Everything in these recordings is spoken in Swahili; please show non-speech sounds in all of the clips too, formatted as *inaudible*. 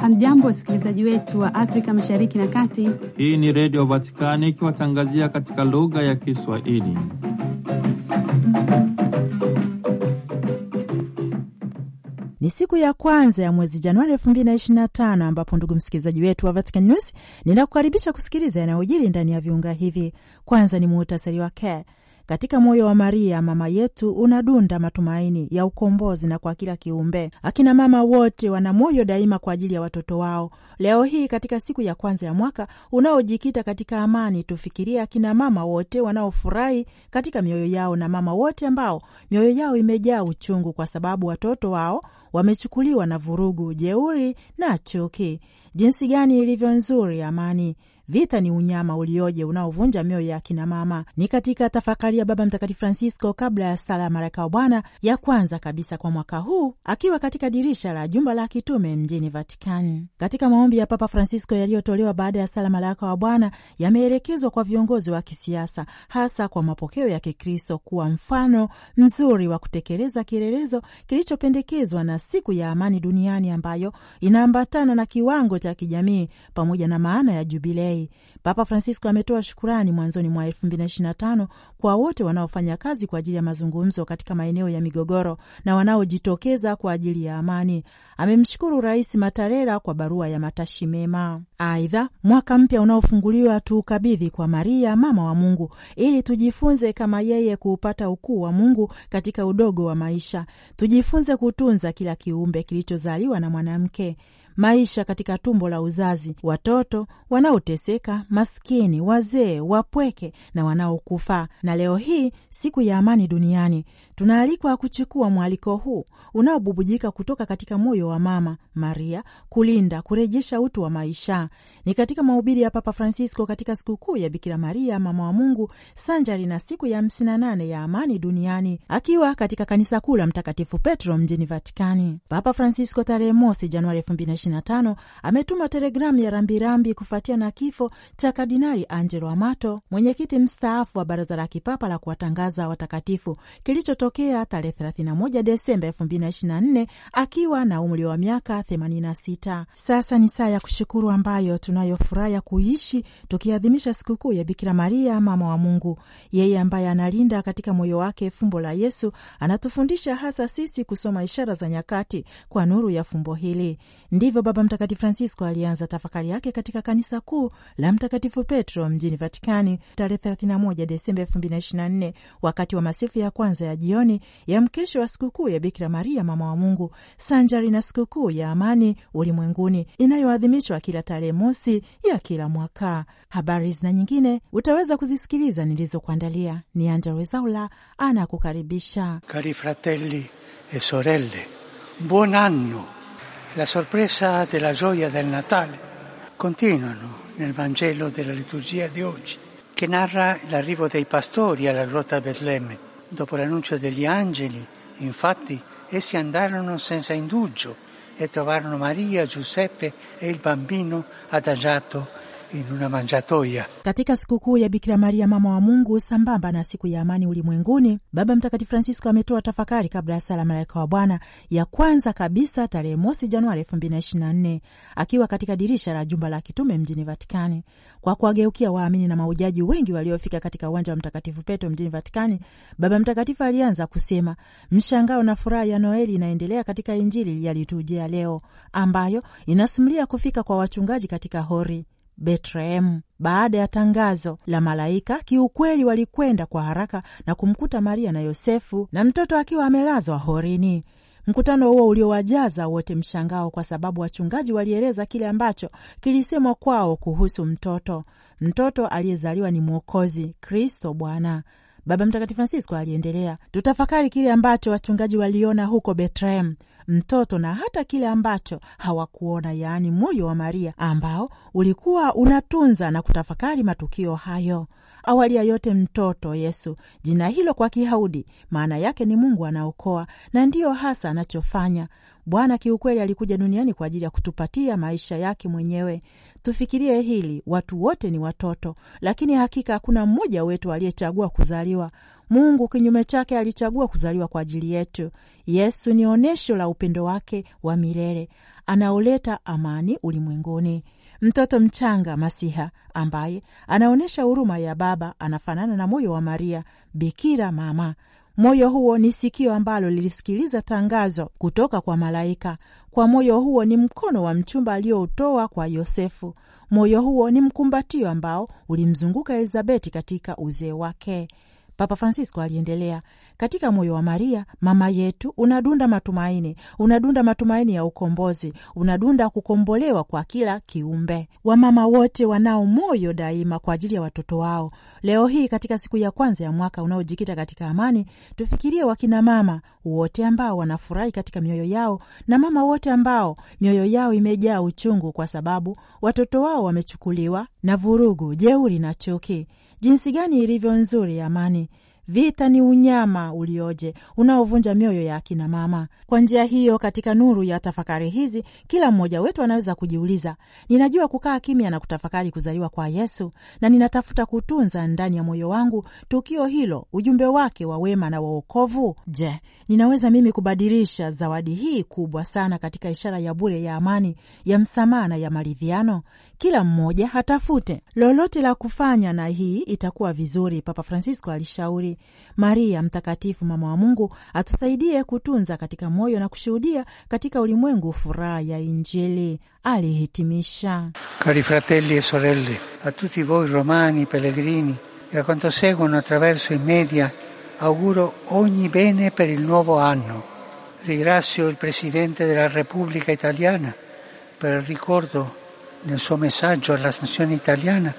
Hamjambo, wasikilizaji wetu wa Afrika mashariki na kati. Hii ni Redio Vatikani ikiwatangazia katika lugha ya Kiswahili. Ni siku ya kwanza ya mwezi Januari tano ambapo, ndugu msikilizaji wetu wa Vatican News, ninakukaribisha kusikiliza yanayojiri ndani ya viunga hivi. Kwanza ni muhutasari wake. Katika moyo wa Maria mama yetu unadunda matumaini ya ukombozi na kwa kila kiumbe. Akina mama wote wana moyo daima kwa ajili ya watoto wao. Leo hii katika siku ya kwanza ya mwaka unaojikita katika amani, tufikirie akina mama wote wanaofurahi katika mioyo yao na mama wote ambao mioyo yao imejaa uchungu kwa sababu watoto wao wamechukuliwa na vurugu, jeuri na chuki. Jinsi gani ilivyo nzuri amani! Vita ni unyama ulioje unaovunja mioyo ya kinamama mama. Ni katika tafakari ya Baba Mtakatifu Francisco kabla ya sala ya Malaika wa Bwana ya kwanza kabisa kwa mwaka huu, akiwa katika dirisha la jumba la kitume mjini Vatikani. Katika maombi ya Papa Francisco yaliyotolewa baada ya sala Malaika wa Bwana yameelekezwa kwa viongozi wa kisiasa, hasa kwa mapokeo ya Kikristo kuwa mfano mzuri wa kutekeleza kielelezo kilichopendekezwa na siku ya amani duniani ambayo inaambatana na kiwango cha kijamii pamoja na maana ya jubilei Papa Francisco ametoa shukurani mwanzoni mwa 2025 kwa wote wanaofanya kazi kwa ajili ya mazungumzo katika maeneo ya migogoro na wanaojitokeza kwa ajili ya amani. Amemshukuru Rais Matarera kwa barua ya matashi mema. Aidha, mwaka mpya unaofunguliwa tuukabidhi kwa Maria, mama wa Mungu, ili tujifunze kama yeye kuupata ukuu wa Mungu katika udogo wa maisha. Tujifunze kutunza kila kiumbe kilichozaliwa na mwanamke maisha katika tumbo la uzazi, watoto wanaoteseka, maskini, wazee, wapweke na wanaokufa. Na leo hii, siku ya amani duniani, tunaalikwa kuchukua mwaliko huu unaobubujika kutoka katika moyo wa Mama Maria kulinda, kurejesha utu wa maisha. Ni katika mahubiri ya Papa Francisco katika sikukuu ya Bikira Maria mama wa Mungu sanjari na siku ya 58 ya amani duniani, akiwa katika kanisa kuu la Mtakatifu Petro mjini Vatikani, Papa Francisco tarehe mosi Januari 25 ametuma telegramu ya rambirambi kufuatia na kifo cha Kardinali Angelo Amato, mwenyekiti mstaafu wa Baraza la Kipapa la Kuwatangaza Watakatifu, kilichotokea tarehe 31 Desemba 2024 akiwa na umri wa miaka 86. Sasa ni saa ya kushukuru ambayo tunayo furaha ya kuishi tukiadhimisha sikukuu ya Bikira Maria, mama wa Mungu. Yeye ambaye analinda katika moyo wake fumbo la Yesu anatufundisha hasa sisi kusoma ishara za nyakati kwa nuru ya fumbo hili. Ndivyo hivyo Baba Mtakatifu Francisco alianza tafakari yake katika kanisa kuu la Mtakatifu Petro mjini Vatikani tarehe 31 Desemba 2024 wakati wa masifu ya kwanza ya jioni ya mkesho wa sikukuu ya Bikira Maria mama wa Mungu sanjari na sikukuu ya amani ulimwenguni inayoadhimishwa kila tarehe mosi ya kila mwaka. Habari zina nyingine utaweza kuzisikiliza nilizokuandalia. Ni Angella Rwezaula anakukaribisha. Cari fratelli e sorelle, buon anno La sorpresa della gioia del Natale continuano nel Vangelo della liturgia di oggi, che narra l'arrivo dei pastori alla grotta Betlemme. Dopo l'annuncio degli angeli, infatti, essi andarono senza indugio e trovarono Maria, Giuseppe e il bambino adagiato in una mangiatoia. Katika sikukuu ya Bikira Maria mama wa Mungu sambamba na siku ya amani ulimwenguni, Baba Mtakatifu Francisco ametoa tafakari kabla ya sala Malaika wa Bwana ya kwanza kabisa tarehe mosi Januari elfu mbili na na nne akiwa katika dirisha la jumba la kitume mjini Vatikani kwa kuwageukia waamini na maujaji wengi waliofika katika uwanja wa Mtakatifu Petro mjini Vatikani, Baba Mtakatifu alianza kusema, mshangao na furaha ya Noeli inaendelea katika Injili yalitujia leo ambayo inasimulia kufika kwa wachungaji katika hori Betlehemu. Baada ya tangazo la malaika, kiukweli walikwenda kwa haraka na kumkuta Maria na Yosefu na mtoto akiwa amelazwa horini. Mkutano huo uliowajaza wote mshangao, kwa sababu wachungaji walieleza kile ambacho kilisemwa kwao kuhusu mtoto. Mtoto aliyezaliwa ni Mwokozi, Kristo Bwana. Baba Mtakatifu Francisco aliendelea, tutafakari kile ambacho wachungaji waliona huko Betlehemu mtoto na hata kile ambacho hawakuona, yaani moyo wa Maria ambao ulikuwa unatunza na kutafakari matukio hayo. Awali ya yote mtoto Yesu, jina hilo kwa Kiyahudi maana yake ni Mungu anaokoa, na ndiyo hasa anachofanya Bwana. Kiukweli alikuja duniani kwa ajili ya kutupatia maisha yake mwenyewe. Tufikirie hili, watu wote ni watoto, lakini hakika hakuna mmoja wetu aliyechagua kuzaliwa. Mungu kinyume chake alichagua kuzaliwa kwa ajili yetu. Yesu ni onyesho la upendo wake wa milele anaoleta amani ulimwenguni. Mtoto mchanga Masiha ambaye anaonyesha huruma ya Baba anafanana na moyo wa Maria Bikira Mama. Moyo huo ni sikio ambalo lilisikiliza tangazo kutoka kwa malaika. Kwa moyo huo ni mkono wa mchumba aliyoutoa kwa Yosefu. Moyo huo ni mkumbatio ambao ulimzunguka Elizabeti katika uzee wake. Papa Francisco aliendelea, katika moyo wa Maria mama yetu unadunda matumaini, unadunda matumaini ya ukombozi, unadunda kukombolewa kwa kila kiumbe. Wamama wote wanao moyo daima kwa ajili ya watoto wao. Leo hii katika siku ya kwanza ya mwaka unaojikita katika amani, tufikirie wakina mama wote ambao wanafurahi katika mioyo yao na mama wote ambao mioyo yao imejaa uchungu kwa sababu watoto wao wamechukuliwa na vurugu, jeuri na chuki jinsi gani ilivyo nzuri amani Vita ni unyama ulioje unaovunja mioyo ya akina mama. Kwa njia hiyo, katika nuru ya tafakari hizi, kila mmoja wetu anaweza kujiuliza, ninajua kukaa kimya na kutafakari kuzaliwa kwa Yesu, na ninatafuta kutunza ndani ya moyo wangu tukio hilo, ujumbe wake wa wema na waokovu. Je, ninaweza mimi kubadilisha zawadi hii kubwa sana katika ishara ya bure ya amani, ya msamaha na ya maridhiano? Kila mmoja hatafute lolote la kufanya, na hii itakuwa vizuri. Papa Francisco alishauri Maria Mtakatifu, mama wa Mungu, atusaidie kutunza katika moyo na kushuhudia katika ulimwengu furaha ya Injili, alihitimisha. Cari fratelli e sorelle a tutti voi romani pellegrini e a quanto seguono attraverso i media auguro ogni bene per il nuovo anno. Ringrazio il Presidente della Repubblica Italiana per il ricordo nel suo messaggio alla nazione italiana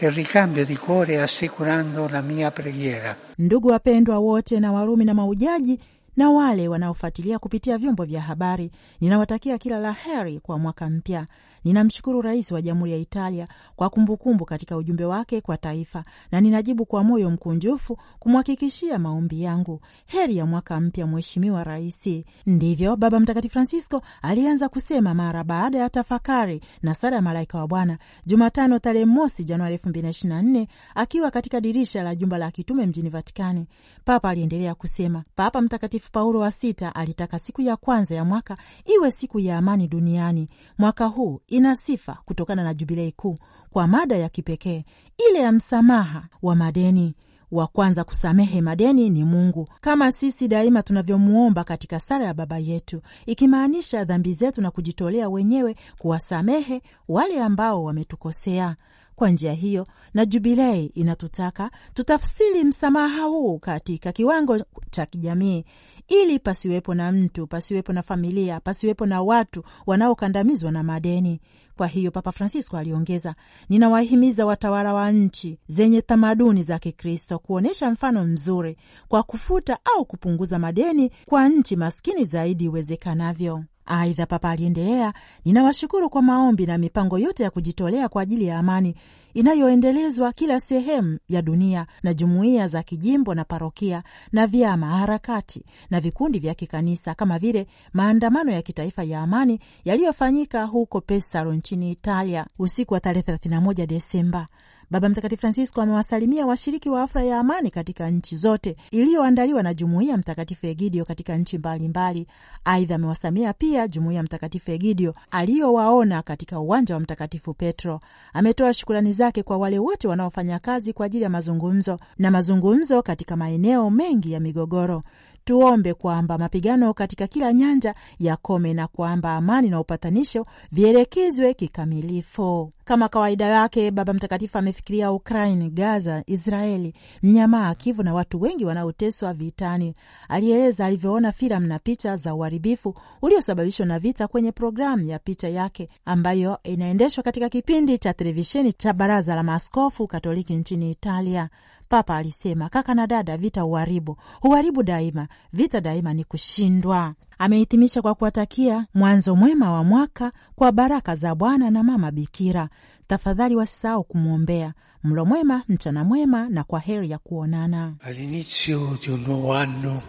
e ricambio di cuore assicurando la mia preghiera. Ndugu wapendwa wote na Warumi na maujaji na wale wanaofuatilia kupitia vyombo vya habari, ninawatakia kila la heri kwa mwaka mpya. Ninamshukuru Rais wa Jamhuri ya Italia kwa kumbukumbu kumbu katika ujumbe wake kwa taifa, na ninajibu kwa moyo mkunjufu kumhakikishia maombi yangu. Heri ya mwaka mpya, Mheshimiwa Rais. Ndivyo Baba Mtakatifu Francisco alianza kusema mara baada ya tafakari na sala ya malaika wa Bwana Jumatano tarehe mosi Januari 2024 akiwa katika dirisha la jumba la kitume mjini Vatikani. Papa aliendelea kusema, Papa Mtakatifu Mtakatifu Paulo wa Sita alitaka siku ya kwanza ya mwaka iwe siku ya amani duniani. Mwaka huu ina sifa kutokana na Jubilei Kuu kwa mada ya kipekee ile ya msamaha wa madeni. Wa kwanza kusamehe madeni ni Mungu, kama sisi daima tunavyomuomba katika sala ya Baba Yetu, ikimaanisha dhambi zetu na kujitolea wenyewe kuwasamehe wale ambao wametukosea. Kwa njia hiyo na Jubilei inatutaka tutafsiri msamaha huu katika kiwango cha kijamii, ili pasiwepo na mtu, pasiwepo na familia, pasiwepo na watu wanaokandamizwa na madeni. Kwa hiyo Papa Francisco aliongeza, ninawahimiza watawala wa nchi zenye tamaduni za Kikristo kuonyesha mfano mzuri kwa kufuta au kupunguza madeni kwa nchi maskini zaidi iwezekanavyo. Aidha, Papa aliendelea, ninawashukuru kwa maombi na mipango yote ya kujitolea kwa ajili ya amani inayoendelezwa kila sehemu ya dunia na jumuiya za kijimbo na parokia na vyama, harakati na vikundi vya kikanisa kama vile maandamano ya kitaifa ya amani yaliyofanyika huko Pesaro nchini Italia usiku wa tarehe 31 Desemba Baba Mtakatifu Francisco amewasalimia washiriki wa afra ya amani katika nchi zote iliyoandaliwa na jumuiya Mtakatifu Egidio katika nchi mbalimbali. Aidha, amewasamia pia jumuiya Mtakatifu Egidio aliyowaona katika uwanja wa Mtakatifu Petro. Ametoa shukurani zake kwa wale wote wanaofanya kazi kwa ajili ya mazungumzo na mazungumzo katika maeneo mengi ya migogoro. Tuombe kwamba mapigano katika kila nyanja yakome na kwamba amani na upatanisho vielekezwe kikamilifu. Kama kawaida yake, Baba Mtakatifu amefikiria Ukraini, Gaza, Israeli, mnyamaa Kivu na watu wengi wanaoteswa vitani. Alieleza alivyoona filamu na picha za uharibifu uliosababishwa na vita kwenye programu ya picha yake ambayo inaendeshwa katika kipindi cha televisheni cha Baraza la Maaskofu Katoliki nchini Italia. Papa alisema, kaka na dada, vita uharibu huharibu daima. Vita daima ni kushindwa. Amehitimisha kwa kuwatakia mwanzo mwema wa mwaka kwa baraka za Bwana na Mama Bikira. Tafadhali wasisahau kumwombea. Mlo mwema, mchana mwema, na kwa heri ya kuonana. all'inizio di un nuovo anno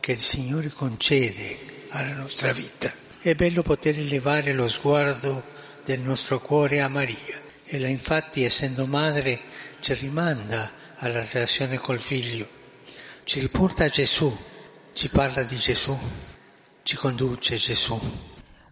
che il Signore concede alla nostra vita è bello poter elevare lo sguardo del nostro cuore a Maria. Ella infatti, essendo madre, ci rimanda alla relazione col figlio, ci riporta a Gesù, ci parla di Gesù ci conduce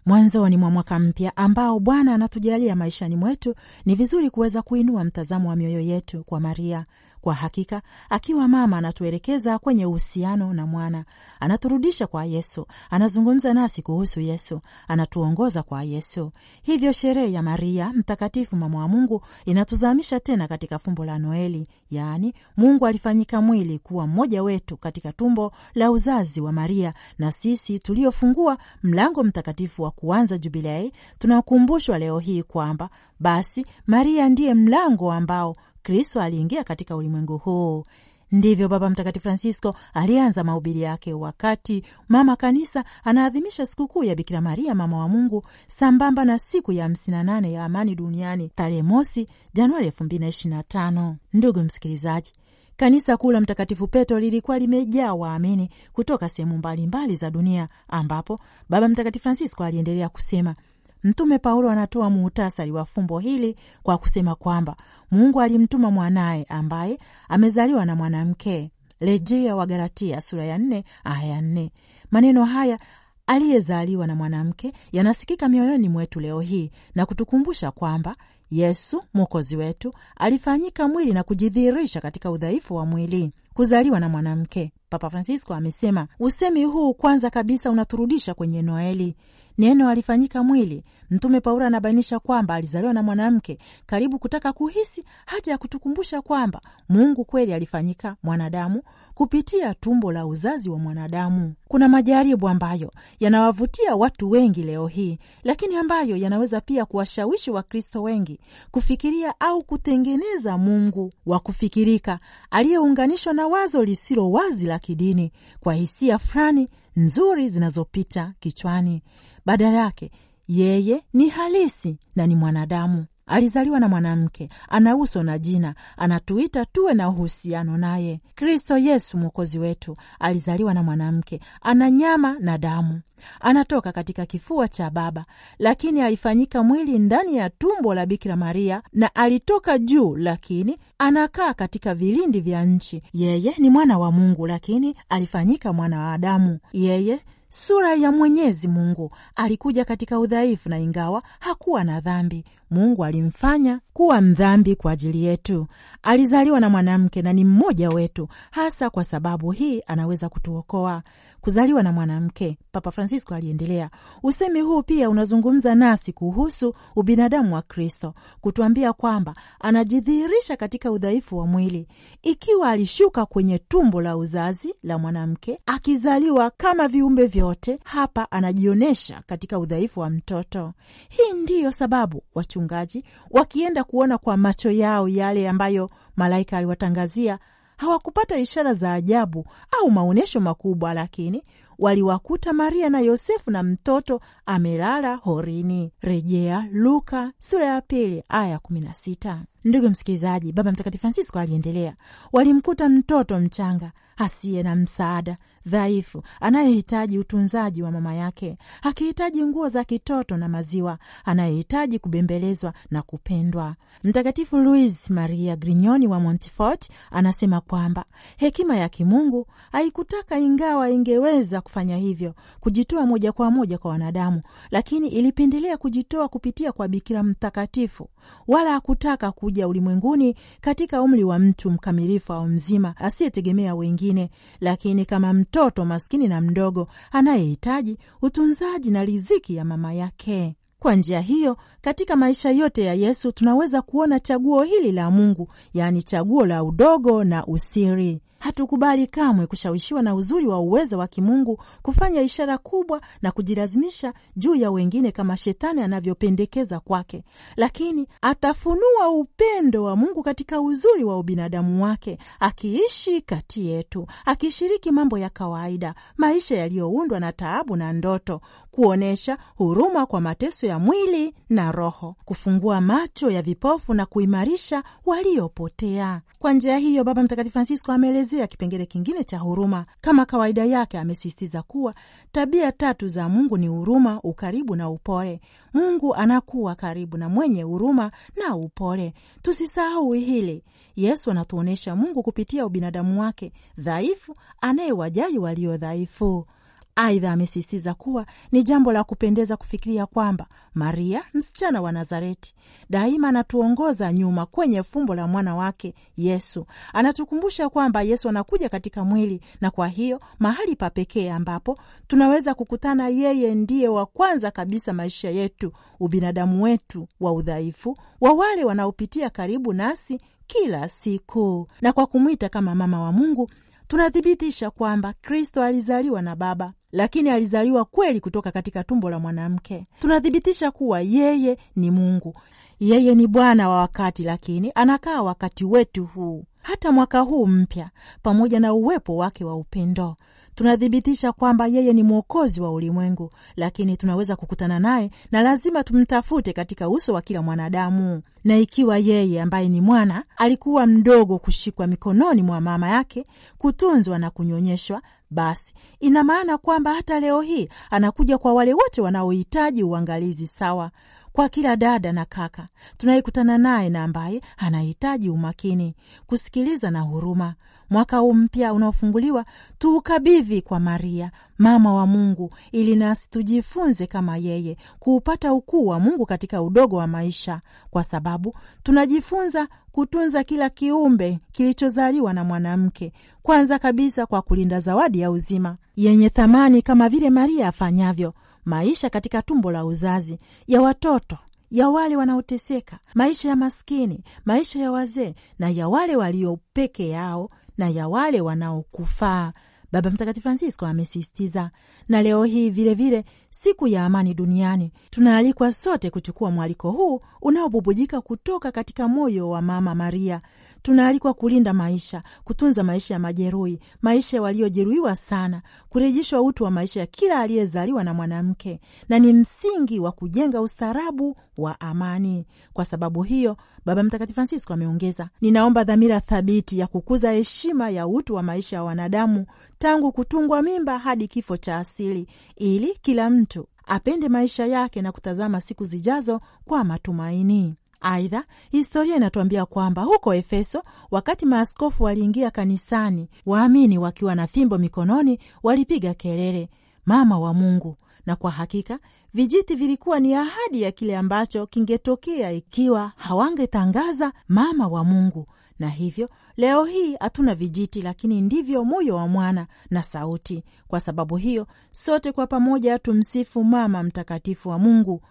Mwanzoni mwa mwaka mpya ambao Bwana anatujalia maishani mwetu, ni vizuri kuweza kuinua mtazamo wa mioyo yetu kwa Maria, kwa hakika akiwa mama anatuelekeza kwenye uhusiano na mwana, anaturudisha kwa Yesu, anazungumza nasi kuhusu Yesu, anatuongoza kwa Yesu. Hivyo sherehe ya Maria mtakatifu mama wa Mungu inatuzamisha tena katika fumbo la Noeli, yaani Mungu alifanyika mwili kuwa mmoja wetu katika tumbo la uzazi wa Maria, na sisi tuliofungua mlango mtakatifu wa kuanza Jubilei tunakumbushwa leo hii kwamba basi Maria ndiye mlango ambao Kristo aliingia katika ulimwengu huu. Ndivyo Baba Mtakatifu Francisco alianza mahubiri yake wakati Mama Kanisa anaadhimisha sikukuu ya Bikira Maria mama wa Mungu sambamba na siku ya 58 ya amani duniani tarehe mosi Januari 2025. Ndugu msikilizaji, Kanisa kuu la Mtakatifu Petro lilikuwa limejaa waamini kutoka sehemu mbalimbali za dunia, ambapo Baba Mtakatifu Francisco aliendelea kusema Mtume Paulo anatoa muhtasari wa fumbo hili kwa kusema kwamba Mungu alimtuma mwanaye ambaye amezaliwa na mwanamke, rejea Wagalatia sura ya nne aya ya nne. Maneno haya aliyezaliwa na mwanamke yanasikika mioyoni mwetu leo hii na kutukumbusha kwamba Yesu mwokozi wetu alifanyika mwili na kujidhihirisha katika udhaifu wa mwili, kuzaliwa na mwanamke. Papa Francisco amesema usemi huu kwanza kabisa unaturudisha kwenye Noeli, Neno alifanyika mwili. Mtume Paulo anabainisha kwamba alizaliwa na mwanamke, karibu kutaka kuhisi haja ya kutukumbusha kwamba Mungu kweli alifanyika mwanadamu kupitia tumbo la uzazi wa mwanadamu. Kuna majaribu ambayo yanawavutia watu wengi leo hii, lakini ambayo yanaweza pia kuwashawishi Wakristo wengi kufikiria au kutengeneza Mungu wa kufikirika aliyeunganishwa na wazo lisilo wazi la kidini kwa hisia fulani nzuri zinazopita kichwani. Badala yake yeye ni halisi na ni mwanadamu. Alizaliwa na mwanamke, ana uso na jina, anatuita tuwe na uhusiano naye. Kristo Yesu mwokozi wetu alizaliwa na mwanamke, ana nyama na damu, anatoka katika kifua cha baba, lakini alifanyika mwili ndani ya tumbo la Bikira Maria, na alitoka juu, lakini anakaa katika vilindi vya nchi. Yeye ni mwana wa Mungu, lakini alifanyika mwana wa Adamu. Yeye Sura ya Mwenyezi Mungu alikuja katika udhaifu, na ingawa hakuwa na dhambi, Mungu alimfanya kuwa mdhambi kwa ajili yetu. Alizaliwa na mwanamke na ni mmoja wetu. Hasa kwa sababu hii anaweza kutuokoa kuzaliwa na mwanamke. Papa Francisco aliendelea, usemi huu pia unazungumza nasi kuhusu ubinadamu wa Kristo, kutuambia kwamba anajidhihirisha katika udhaifu wa mwili. Ikiwa alishuka kwenye tumbo la uzazi la mwanamke akizaliwa kama viumbe vyote, hapa anajionyesha katika udhaifu wa mtoto. Hii ndiyo sababu wachungaji wakienda kuona kwa macho yao yale ambayo malaika aliwatangazia hawakupata ishara za ajabu au maonyesho makubwa, lakini waliwakuta Maria na Yosefu na mtoto amelala horini. Rejea Luka sura ya pili aya kumi na sita. Ndugu msikilizaji, Baba Mtakatifu Francisco aliendelea, walimkuta mtoto mchanga asiye na msaada, dhaifu, anayehitaji utunzaji wa mama yake, akihitaji nguo za kitoto na maziwa, anayehitaji kubembelezwa na kupendwa. Mtakatifu Luis Maria Grignoni wa Montfort anasema kwamba hekima ya kimungu haikutaka, ingawa ingeweza kufanya hivyo, kujitoa moja kwa moja kwa wanadamu, lakini ilipendelea kujitoa kupitia kwa Bikira Mtakatifu, wala hakutaka kuja ulimwenguni katika umri wa mtu mkamilifu au mzima asiyetegemea wengine, lakini kama mtoto maskini na mdogo anayehitaji utunzaji na riziki ya mama yake. Kwa njia hiyo, katika maisha yote ya Yesu tunaweza kuona chaguo hili la Mungu, yaani chaguo la udogo na usiri. Hatukubali kamwe kushawishiwa na uzuri wa uwezo wa kimungu kufanya ishara kubwa na kujilazimisha juu ya wengine kama shetani anavyopendekeza kwake, lakini atafunua upendo wa Mungu katika uzuri wa ubinadamu wake, akiishi kati yetu, akishiriki mambo ya kawaida, maisha yaliyoundwa na taabu na ndoto, kuonyesha huruma kwa mateso ya mwili na roho, kufungua macho ya vipofu na kuimarisha waliopotea. Kwa njia hiyo, Baba Mtakatifu Francisco ameelezea kuangazia kipengele kingine cha huruma. Kama kawaida yake, amesisitiza kuwa tabia tatu za Mungu ni huruma, ukaribu na upole. Mungu anakuwa karibu na mwenye huruma na upole. Tusisahau hili. Yesu anatuonyesha Mungu kupitia ubinadamu wake dhaifu, anayewajali walio dhaifu. Aidha, amesisitiza kuwa ni jambo la kupendeza kufikiria kwamba Maria, msichana wa Nazareti, daima anatuongoza nyuma kwenye fumbo la mwana wake Yesu. Anatukumbusha kwamba Yesu anakuja katika mwili, na kwa hiyo mahali pa pekee ambapo tunaweza kukutana yeye ndiye wa kwanza kabisa maisha yetu, ubinadamu wetu wa udhaifu, wa wale wanaopitia karibu nasi kila siku na kwa kumwita kama mama wa Mungu tunathibitisha kwamba Kristo alizaliwa na Baba, lakini alizaliwa kweli kutoka katika tumbo la mwanamke. Tunathibitisha kuwa yeye ni Mungu, yeye ni Bwana wa wakati, lakini anakaa wakati wetu huu, hata mwaka huu mpya, pamoja na uwepo wake wa upendo tunathibitisha kwamba yeye ni mwokozi wa ulimwengu, lakini tunaweza kukutana naye na lazima tumtafute katika uso wa kila mwanadamu. Na ikiwa yeye ambaye ni mwana alikuwa mdogo kushikwa mikononi mwa mama yake, kutunzwa na kunyonyeshwa, basi ina maana kwamba hata leo hii anakuja kwa wale wote wanaohitaji uangalizi sawa kwa kila dada na kaka tunayekutana naye na ambaye anahitaji umakini, kusikiliza na huruma, mwaka huu mpya unaofunguliwa tuukabidhi kwa Maria mama wa Mungu, ili nasi tujifunze kama yeye kuupata ukuu wa Mungu katika udogo wa maisha, kwa sababu tunajifunza kutunza kila kiumbe kilichozaliwa na mwanamke, kwanza kabisa kwa kulinda zawadi ya uzima yenye thamani, kama vile Maria afanyavyo maisha katika tumbo la uzazi, ya watoto ya wale wanaoteseka, maisha ya maskini, maisha ya wazee na ya wale walio peke yao na ya wale wanaokufaa, Baba Mtakatifu Francisco amesisitiza. Na leo hii vilevile vile, siku ya amani duniani, tunaalikwa sote kuchukua mwaliko huu unaobubujika kutoka katika moyo wa Mama Maria Tunaalikwa kulinda maisha, kutunza maisha ya majeruhi, maisha waliojeruhiwa sana, kurejeshwa utu wa maisha ya kila aliyezaliwa na mwanamke, na ni msingi wa kujenga ustaarabu wa amani. Kwa sababu hiyo, Baba Mtakatifu Francisco ameongeza, ninaomba dhamira thabiti ya kukuza heshima ya utu wa maisha ya wanadamu tangu kutungwa mimba hadi kifo cha asili, ili kila mtu apende maisha yake na kutazama siku zijazo kwa matumaini. Aidha, historia inatuambia kwamba huko Efeso, wakati maaskofu waliingia kanisani, waamini wakiwa na fimbo mikononi walipiga kelele, mama wa Mungu. Na kwa hakika vijiti vilikuwa ni ahadi ya kile ambacho kingetokea ikiwa hawangetangaza mama wa Mungu. Na hivyo leo hii hatuna vijiti, lakini ndivyo moyo wa mwana na sauti. Kwa sababu hiyo, sote kwa pamoja tumsifu mama mtakatifu wa Mungu.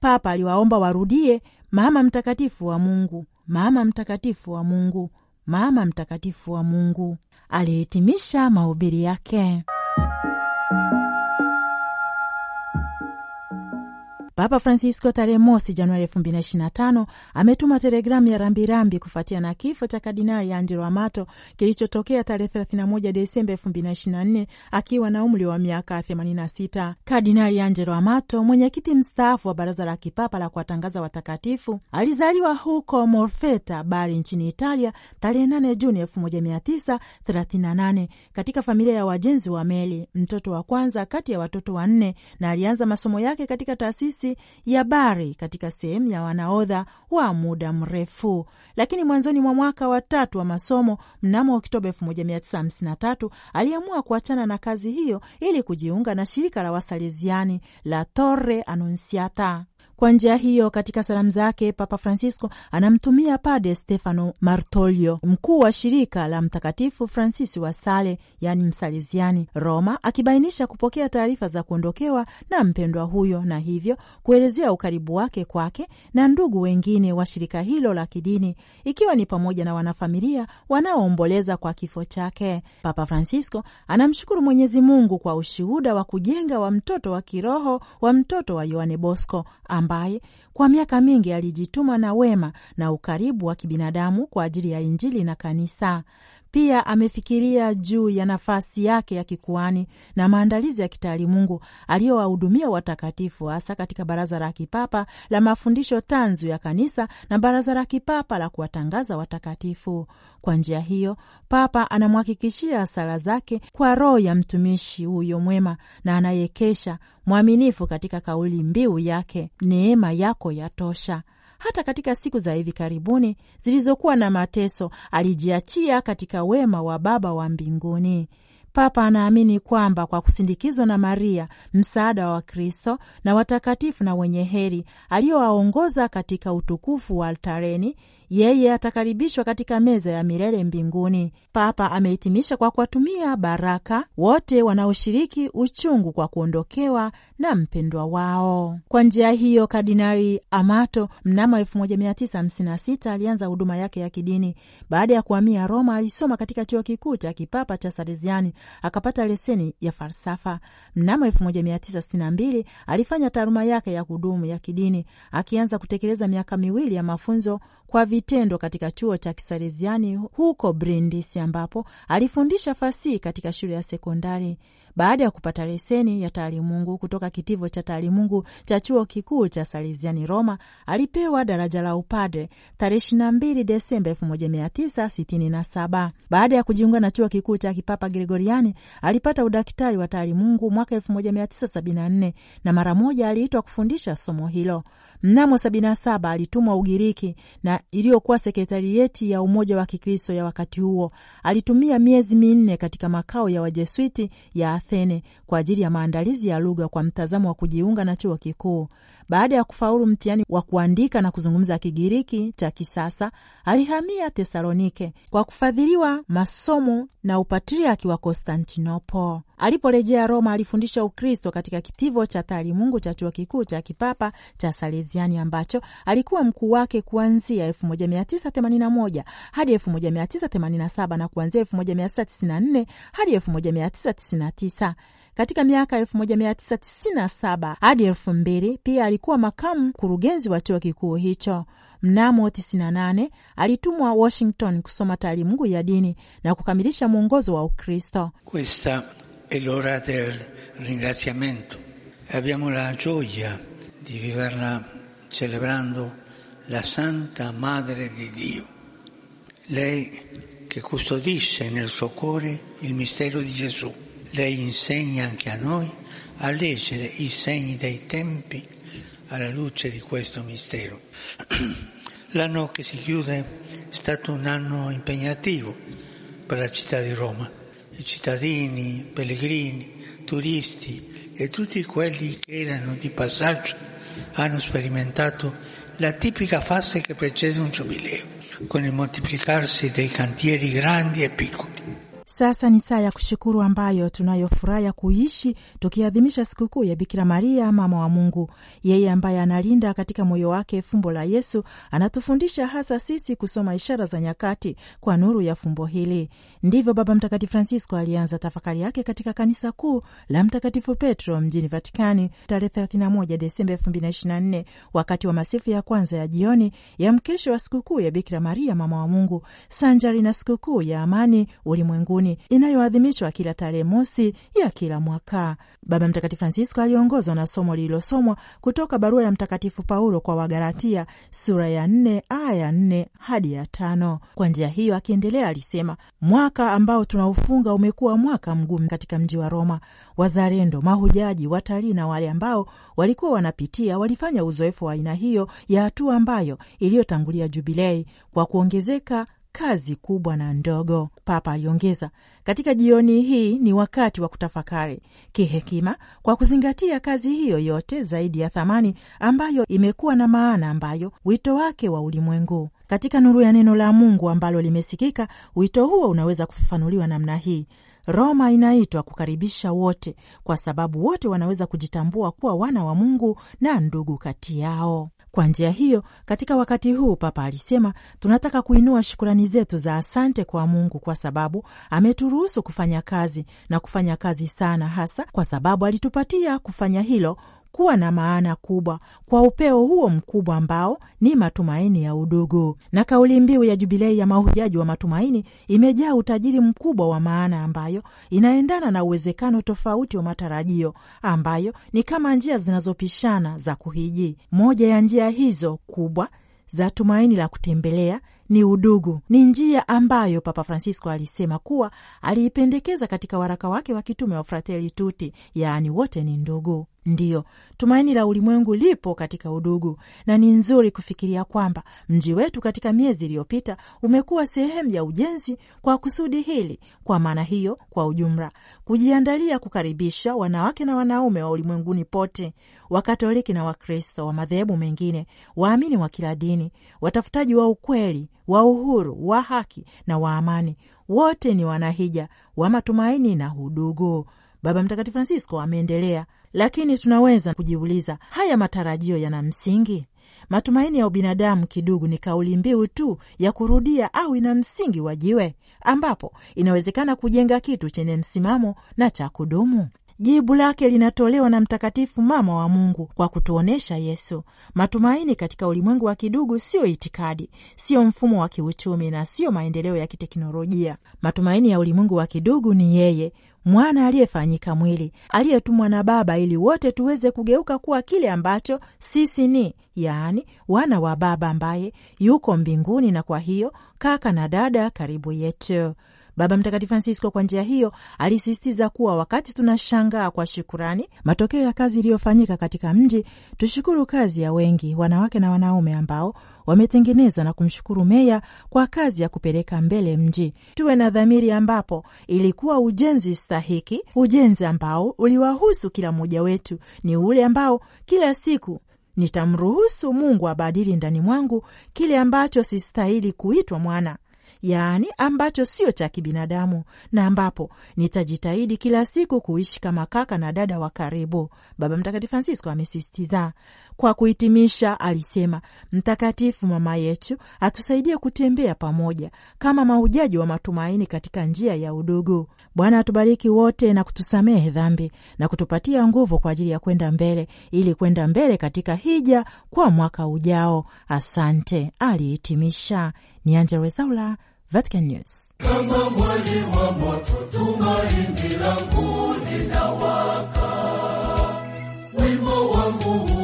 Papa aliwaomba warudie Mama mtakatifu wa Mungu, mama mtakatifu wa Mungu, mama mtakatifu wa Mungu. Alihitimisha mahubiri yake. Papa Francisco tarehe mosi Januari tano ametuma telegramu ya rambirambi kufuatia na kifo cha Kardinali Angelo Amato kilichotokea tarehe 31 Desemba nne akiwa na umri wa miaka 86. Kardinali Angelo Amato, mwenyekiti mstaafu wa Baraza la Kipapa la Kuwatangaza Watakatifu, alizaliwa huko Molfetta, Bari nchini Italia tarehe 8 Juni 1938 katika familia ya wajenzi wa meli, mtoto wa kwanza kati ya watoto wanne, na alianza masomo yake katika taasisi nafasi ya bari katika sehemu ya wanaodha wa muda mrefu, lakini mwanzoni mwa mwaka wa tatu wa masomo mnamo Oktoba 1953 aliamua kuachana na kazi hiyo ili kujiunga na shirika la Wasaleziani la Torre Annunziata. Kwa njia hiyo, katika salamu zake Papa Francisco anamtumia Pade Stefano Martolio, mkuu wa shirika la Mtakatifu francisi wa Sale, yani Msaliziani, Roma, akibainisha kupokea taarifa za kuondokewa na mpendwa huyo, na hivyo kuelezea ukaribu wake kwake na ndugu wengine wa shirika hilo la kidini, ikiwa ni pamoja na wanafamilia wanaoomboleza kwa kifo chake. Papa Francisco anamshukuru Mwenyezi Mungu kwa ushuhuda wa kujenga wa mtoto wa kiroho wa mtoto wa Yohane Bosco ambaye kwa miaka mingi alijituma na wema na ukaribu wa kibinadamu kwa ajili ya Injili na Kanisa. Pia amefikiria juu ya nafasi yake ya kikuani na maandalizi ya kitaalimungu aliyowahudumia watakatifu, hasa katika Baraza la Kipapa la Mafundisho Tanzu ya Kanisa na Baraza la Kipapa la Kuwatangaza Watakatifu. Kwa njia hiyo, Papa anamhakikishia sala zake kwa roho ya mtumishi huyo mwema na anayekesha mwaminifu katika kauli mbiu yake, neema yako yatosha hata katika siku za hivi karibuni zilizokuwa na mateso, alijiachia katika wema wa Baba wa mbinguni. Papa anaamini kwamba kwa kusindikizwa na Maria, msaada wa Wakristo na watakatifu na wenye heri aliyowaongoza katika utukufu wa altareni, yeye atakaribishwa katika meza ya milele mbinguni. Papa amehitimisha kwa kuwatumia baraka wote wanaoshiriki uchungu kwa kuondokewa na mpendwa wao. Kwa njia hiyo, Kardinali Amato mnamo 1956 alianza huduma yake ya kidini. Baada ya kuhamia Roma, alisoma katika chuo kikuu cha kipapa cha Salesiani, akapata leseni ya falsafa. Mnamo 1962 alifanya taaluma yake ya kudumu ya kidini, akianza kutekeleza miaka miwili ya mafunzo kwa vi vitendo katika chuo cha Kisaleziani huko Brindisi, ambapo alifundisha fasihi katika shule ya sekondari baada ya kupata leseni ya taalimungu kutoka kitivo cha taalimungu cha chuo kikuu cha Salesiani Roma, alipewa daraja la upadre tarehe 22 Desemba 1967. Baada ya kujiunga na chuo kikuu cha kipapa Gregoriani, alipata udaktari wa taalimungu mwaka 1974 na mara moja aliitwa kufundisha somo hilo. Mnamo 77 alitumwa Ugiriki na iliyokuwa sekretarieti ya Umoja wa Kikristo ya wakati huo. Alitumia miezi minne katika makao ya Wajesuiti ya Athene kwa ajili ya maandalizi ya lugha kwa mtazamo wa kujiunga na chuo kikuu baada ya kufaulu mtihani wa kuandika na kuzungumza Kigiriki cha kisasa, alihamia Thesalonike kwa kufadhiliwa masomo na upatriaki wa Konstantinopo. Aliporejea Roma, alifundisha Ukristo katika kitivo cha taalimungu cha chuo kikuu cha kipapa cha Salesiani ambacho alikuwa mkuu wake kuanzia 1981 hadi 1987 na kuanzia 1994 hadi 1999. Katika miaka 1997 hadi 2000 pia alikuwa makamu mkurugenzi wa chuo kikuu hicho. Mnamo 98 alitumwa Washington kusoma taalimungu ya dini na kukamilisha mwongozo wa Ukristo. Questa è l'ora del ringraziamento e abbiamo la gioia di viverla celebrando la Santa Madre di Dio. Lei che custodisce nel suo cuore il mistero di Gesù lei insegna anche a noi a leggere i segni dei tempi alla luce di questo mistero. *clears throat* L'anno che si chiude è stato un anno impegnativo per la città di Roma, i cittadini, i pellegrini, turisti e tutti quelli che erano di passaggio hanno sperimentato la tipica fase che precede un giubileo, con il moltiplicarsi dei cantieri grandi e piccoli. Sasa ni saa ya kushukuru ambayo tunayo furaha ya kuishi tukiadhimisha sikukuu ya Bikira Maria, mama wa Mungu. Yeye ambaye analinda katika moyo wake fumbo la Yesu anatufundisha hasa sisi kusoma ishara za nyakati kwa nuru ya fumbo hili. Ndivyo Baba Mtakatifu Francisco alianza tafakari yake katika kanisa kuu la Mtakatifu Petro mjini Vatikani tarehe 31 Desemba 2024 wakati wa masifu ya kwanza ya jioni ya mkesho wa sikukuu ya Bikira Maria, mama wa Mungu, sanjari na sikukuu ya amani ulimwengu mbinguni inayoadhimishwa kila tarehe mosi ya kila mwaka. Baba Mtakatifu Francisco aliongozwa na somo lililosomwa kutoka barua ya Mtakatifu Paulo kwa Wagalatia sura ya nne aya ya nne hadi ya tano. Kwa njia hiyo, akiendelea alisema, mwaka ambao tunaufunga umekuwa mwaka mgumu katika mji wa Roma. Wazalendo, mahujaji, watalii na wale ambao walikuwa wanapitia walifanya uzoefu wa aina hiyo ya hatua ambayo iliyotangulia Jubilei kwa kuongezeka kazi kubwa na ndogo, Papa aliongeza. Katika jioni hii ni wakati wa kutafakari kihekima kwa kuzingatia kazi hiyo yote zaidi ya thamani ambayo imekuwa na maana ambayo wito wake wa ulimwengu katika nuru ya neno la Mungu ambalo limesikika. Wito huo unaweza kufafanuliwa namna hii: Roma inaitwa kukaribisha wote, kwa sababu wote wanaweza kujitambua kuwa wana wa Mungu na ndugu kati yao. Kwa njia hiyo, katika wakati huu, Papa alisema, tunataka kuinua shukurani zetu za asante kwa Mungu kwa sababu ameturuhusu kufanya kazi na kufanya kazi sana, hasa kwa sababu alitupatia kufanya hilo kuwa na maana kubwa kwa upeo huo mkubwa ambao ni matumaini ya udugu. Na kauli mbiu ya Jubilei ya mahujaji wa matumaini imejaa utajiri mkubwa wa maana ambayo inaendana na uwezekano tofauti wa matarajio ambayo ni kama njia zinazopishana za kuhiji. Moja ya njia hizo kubwa za tumaini la kutembelea ni udugu. Ni njia ambayo Papa Francisco alisema kuwa aliipendekeza katika waraka wake wa kitume wa Fratelli Tutti, yaani wote ni ndugu. Ndiyo, tumaini la ulimwengu lipo katika udugu, na ni nzuri kufikiria kwamba mji wetu katika miezi iliyopita umekuwa sehemu ya ujenzi kwa kusudi hili. Kwa maana hiyo, kwa ujumla, kujiandalia kukaribisha wanawake na wanaume wa ulimwenguni pote, Wakatoliki na Wakristo wa madhehebu mengine, waamini wa kila dini, watafutaji wa ukweli, wa uhuru, wa haki na wa amani, wote ni wanahija wa matumaini na udugu. Baba Mtakatifu Francisco ameendelea, lakini tunaweza kujiuliza, haya matarajio yana msingi? Matumaini ya ubinadamu kidugu ni kauli mbiu tu ya kurudia au ina msingi wa jiwe ambapo inawezekana kujenga kitu chenye msimamo na cha kudumu? Jibu lake linatolewa na Mtakatifu Mama wa Mungu kwa kutuonyesha Yesu. Matumaini katika ulimwengu wa kidugu siyo itikadi, siyo mfumo wa kiuchumi na siyo maendeleo ya kiteknolojia. Matumaini ya ulimwengu wa kidugu ni yeye, mwana aliyefanyika mwili, aliyetumwa na Baba ili wote tuweze kugeuka kuwa kile ambacho sisi ni, yaani wana wa Baba ambaye yuko mbinguni, na kwa hiyo kaka na dada karibu yetu. Baba Mtakatifu Francisco kwa njia hiyo alisisitiza kuwa wakati tunashangaa kwa shukurani matokeo ya kazi iliyofanyika katika mji, tushukuru kazi ya wengi, wanawake na wanaume, ambao wametengeneza na kumshukuru meya kwa kazi ya kupeleka mbele mji. Tuwe na dhamiri ambapo ilikuwa ujenzi stahiki, ujenzi ambao uliwahusu kila mmoja wetu, ni ule ambao kila siku nitamruhusu Mungu abadili ndani mwangu kile ambacho sistahili kuitwa mwana yaani ambacho sio cha kibinadamu, na ambapo nitajitahidi kila siku kuishi kama kaka na dada wa karibu, Baba Mtakatifu Francisco amesisitiza. Kwa kuhitimisha, alisema Mtakatifu mama yetu atusaidie kutembea pamoja kama mahujaji wa matumaini katika njia ya udugu. Bwana atubariki wote na kutusamehe dhambi na kutupatia nguvu kwa ajili ya kwenda mbele, ili kwenda mbele katika hija kwa mwaka ujao. Asante, alihitimisha. Ni Angella Rwezaula, Vatican News. Kama mwali wa moto, tumaini langu linawaka, wimbo wangu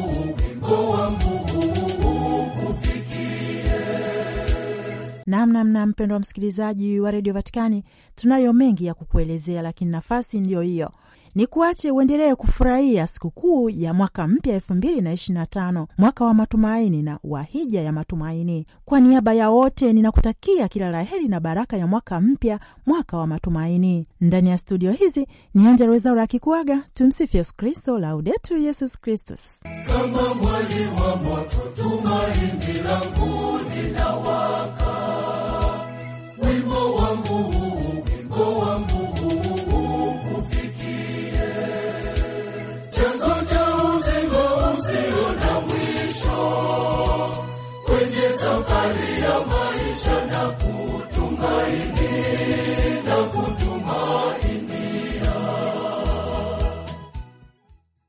Namnamna mpendo wa msikilizaji wa redio Vatikani, tunayo mengi ya kukuelezea, lakini nafasi ndiyo hiyo ni kuache uendelee kufurahia sikukuu ya mwaka mpya elfu mbili na ishirini na tano, mwaka wa matumaini na wa hija ya matumaini. Kwa niaba ya wote ninakutakia kila la heri na baraka ya mwaka mpya, mwaka wa matumaini. Ndani ya studio hizi ni Anja Rwezaura akikuaga. Tumsifu Yesu Kristo, Laudetu Yesus Kristus. Kama mwali wa moto tumaini langu